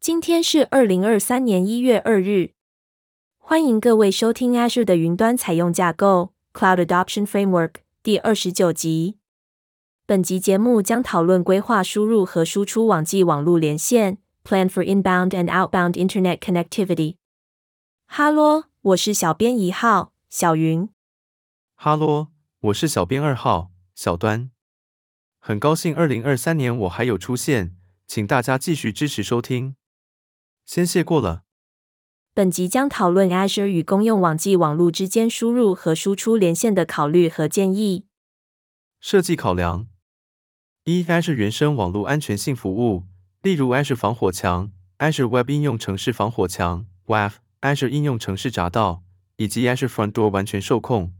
今天是二零二三年一月二日，歡迎各位收聽 Azure 的雲端採用架構 Cloud Adoption Framework 第二十九集。本集節目將討論規劃輸入和輸出網際網路連線 Plan for inbound and outbound internet connectivity。哈嘍，我是小編一號，小雲。哈嘍，我是小編二號，小端。很高興二零二三年我還有出現，請大家繼續支持收聽。先謝過了。本集將討論 Azure 與公用網際網路之間輸入和輸出連線的考慮和建議。設計考量：一、Azure 原生網路安全性服務，例如 Azure 防火牆、Azure Web 應用程式防火牆、WAF，Azure 應用程式閘道，以及 Azure Front Door 完全受控。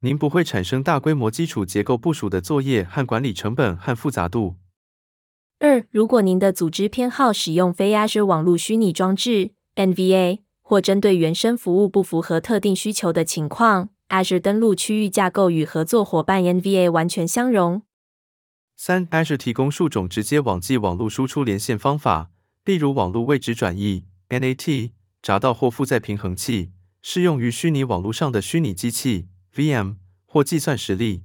您不會產生大規模基礎結構部署的作業和管理成本和複雜度。二、如果您的組織偏好使用非 Azure 網絡虛擬裝置 (NVA) 或針對原生服務不符合特定需求的情況，Azure 登錄區域架,架構與合作夥伴 NVA 完全相容。三、Azure 提供數種直接網際網路輸出連線方法，例如網絡位置轉移 (NAT)、閘道或負載平衡器，適用於虛擬網絡上的虛擬機器 (VM) 或計算實例。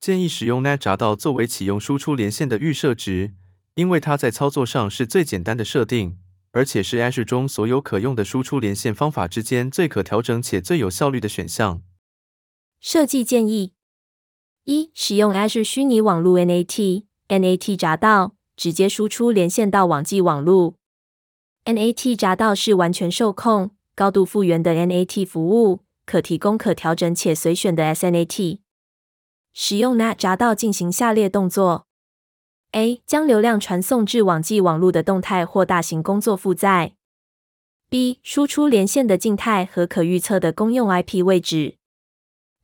建議使用 NAT 閘道作為啟用輸出連線的預設值，因為它在操作上是最簡單的設定，而且是 Azure 中所有可用的輸出連線方法之間最可調整且最有效率的選項。設計建議：一、使用 Azure 虛擬網路 NAT NAT 閘道直接輸出連線到網際網路。NAT 閘道是完全受控、高度復原的 NAT 服務，可提供可調整且隨選的 SNAT。使用 NAT 閘道進行下列動作：a. 將流量傳送至網際網路的動態或大型工作負載；b. 輸出連線的靜態和可預測的公用 IP 位置。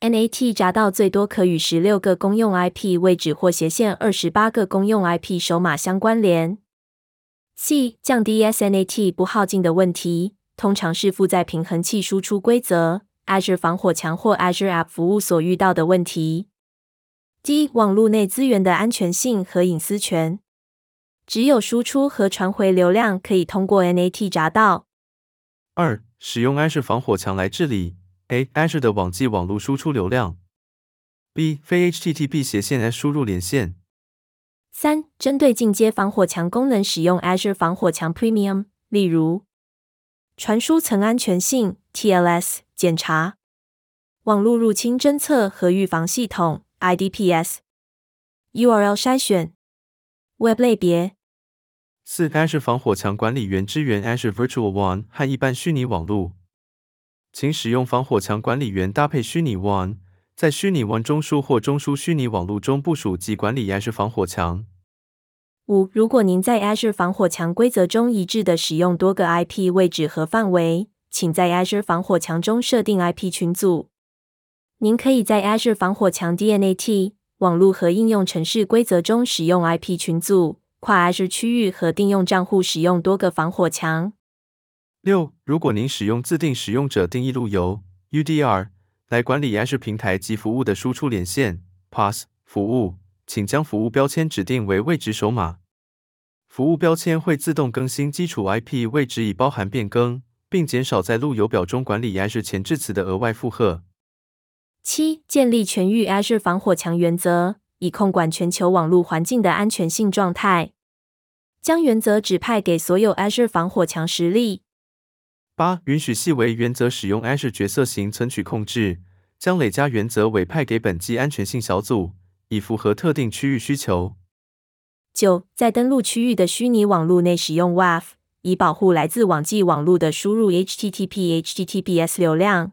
NAT 閘道最多可與十六個公用 IP 位置或斜線二十八個公用 IP 首碼相關聯。c. 降低 SNAT 不耗盡的問題，通常是負載平衡器輸出規則、Azure 防火牆或 Azure App 服務所遇到的問題。d 網絡內資源的安全性和隱私權，只有輸出和傳回流量可以通過 NAT 閘道。二、使用 Azure 防火牆來治理 A Azure 的網際網絡輸出流量。B 非 HTTP 斜線 S 輸入連線。三、針對進階防火牆功能，使用 Azure 防火牆 Premium，例如傳輸層安全性 TLS 檢查、網絡入侵偵,偵測和預防系統。IDPS URL 篩選 Web 類別。四，Azure 防火牆管理員支援 Azure Virtual WAN 和一般虛擬網絡。請使用防火牆管理員搭配虛擬 WAN，在虛擬 WAN 中樞或中樞虛擬網絡中部署及管理 Azure 防火牆。五，如果您在 Azure 防火牆規則中一致的使用多個 IP 位置和範圍，請在 Azure 防火牆中設定 IP 群組。您可以在 Azure 防火牆 DNAT 網絡和應用程式規則中使用 IP 群組。跨 Azure 區域和訂用帳戶使用多個防火牆。六，如果您使用自定使用者定義路由 UDR 來管理 Azure 平台及服務的輸出連線 PaaS 服務，請將服務標籤指定為位置首碼。服務標籤會自動更新基礎 IP 位置，以包含變更，並減少在路由表中管理 Azure 前置詞的額外負荷。七、建立全域 Azure 防火牆原則，以控管全球網路環境的安全性狀態。將原則指派給所有 Azure 防火牆實例。八、允許細微原則使用 Azure 角色型存取控制。將累加原則委派給本機安全性小組，以符合特定區域需求。九、在登陸區域的虛擬網路內使用 WAF，以保護來自網際網路的輸入 HTTP、HTTPS 流量。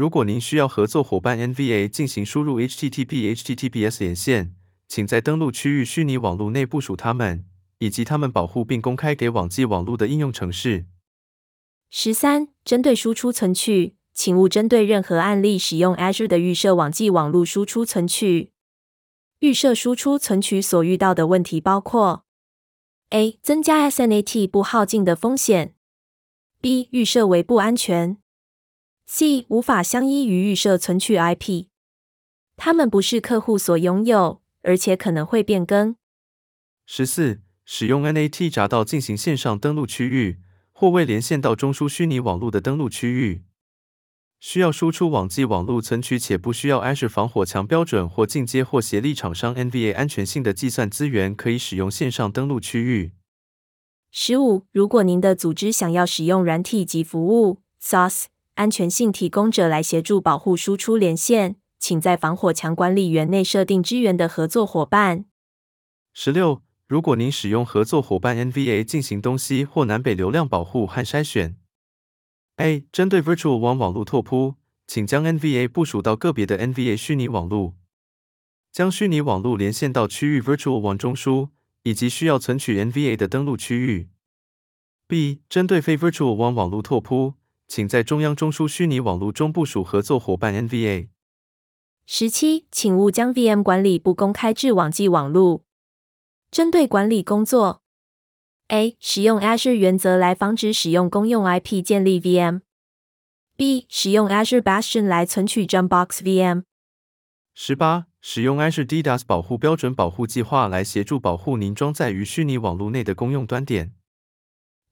如果您需要合作夥伴 NVA 進行輸入 HTTP/HTTPS 連線，請在登陸區域虛擬網絡內部署他們，以及他們保護並公開給網際網絡的應用程式。十三，針對輸出存取，請勿針對任何案例使用 Azure 的預設網際網絡輸出存取。預設輸出存取所遇到的問題包括：A. 增加 SNAT 不耗盡的風險；B. 預設為不安全。C 無法相依於預設存取 IP，它們不是客戶所擁有，而且可能會變更。十四，使用 NAT 閘道進行線上登錄區域，或未連線到中樞虛擬網絡的登錄區域。需要輸出網際網絡存取且不需要安 s 防火牆標準或進階或協力廠商 NVA 安全性的計算資源，可以使用線上登錄區域。十五，如果您的組織想要使用軟體及服務 SaaS。安全性提供者來協助保護輸出連線，請在防火牆管理員內設定支援的合作夥伴。十六，如果您使用合作夥伴 NVA 進行東西或南北流量保護和篩選，A 針對 Virtual One 網絡拓撲，請將 NVA 部署到個別的 NVA 虛擬網絡，將虛擬網絡連線到區域 Virtual One 中樞，以及需要存取 NVA 的登錄區域。B 針對非 Virtual One 網絡拓撲。請在中央中樞虛擬網絡中部署合作夥伴 NVA。十七，請勿將 VM 管理不公開至網際網絡。針對管理工作，A 使用 Azure 原則來防止使用公用 IP 建立 VM。B 使用 Azure Bastion 來存取 Jumpbox VM。十八，使用 Azure DDoS 保護標準保護計劃來協助保護您裝載於虛擬網絡內的公用端點。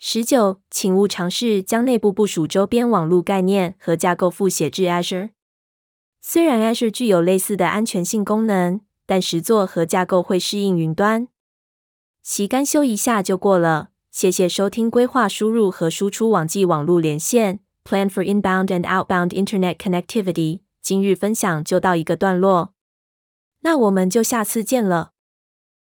十九，19，請勿嘗試將內部部署周邊網絡概念和架構複寫至 Azure。雖然 Azure 具有類似的安全性功能，但實作和架構會適應雲端。其干修一下就過了，謝謝收聽。規劃輸入和輸出網際網路連線，Plan for inbound and outbound internet connectivity。今日分享就到一個段落，那我們就下次見了。